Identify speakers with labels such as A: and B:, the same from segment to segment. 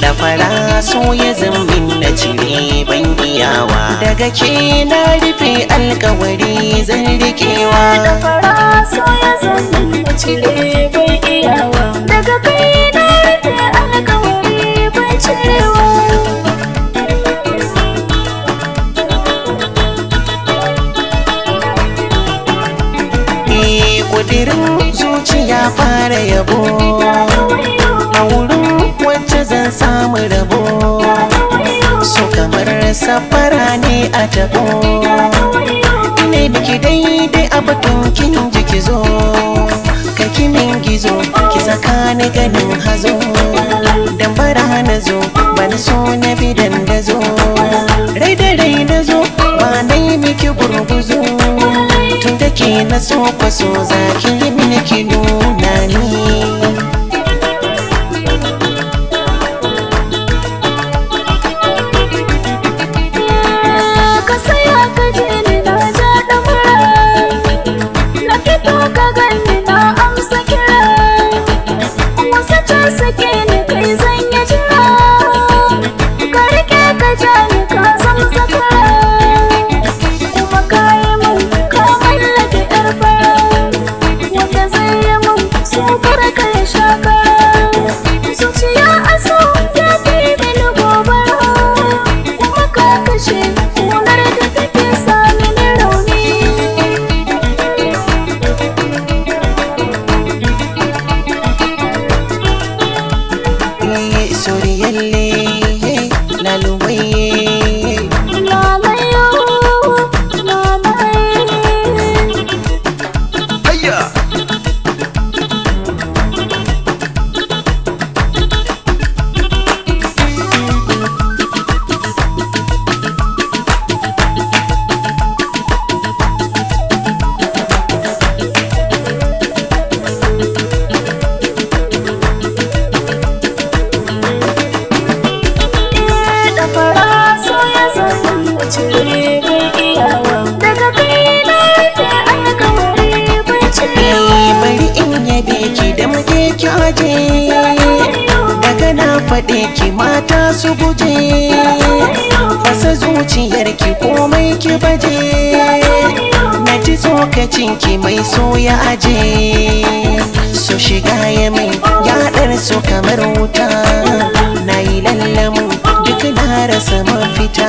A: da fara so ya zambin na cire ban iyawa daga ke na rufe alkawari zan rikewa da fara so
B: ya zambin na cire ban iyawa daga kai na rufe alkawari ban cirewa eh,
A: kudirin zuciya fara yabo kamar safara ne a tabo ne biki daidai a batun kin jiki zo ka kimin gizo ki saka ni ganin hazo dan bara na zo bani so na dan da zo rai da rai na zo ba na miki gurguzo tun da ke na so kwaso zaki yi mini ki nuna ni ಗುರಿಯಲ್ಲಿ daga na faɗe ki mata su guje fasa zuciyar ki komai ki baje na ji tsokacin ki mai soya aje su shiga ya min yaɗar su kamar wuta na yi lallamin duk na rasa mafita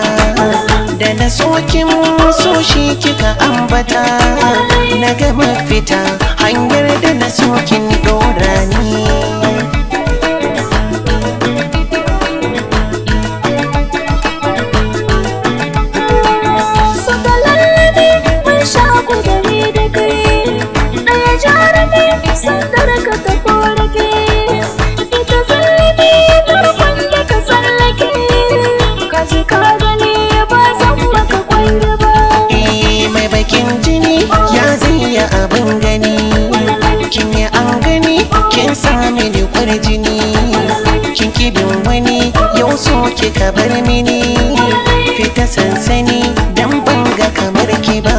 A: da na sokin so shi kika ambata na ga mafita hanyar da na sokin Kika bar mini fita sansani
B: dan banga kamar ki ba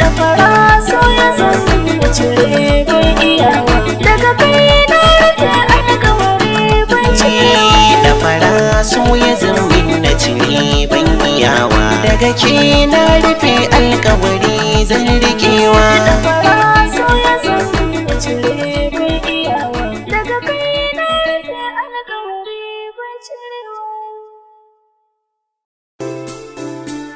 B: da fara so ya zo wuce bai daga kai na rufe a daga wuri ban
A: ciyawa da fara so ya zambi cire ban iyawa daga ke na rufe alkawari zan rikewa da fara
B: ya zo wuce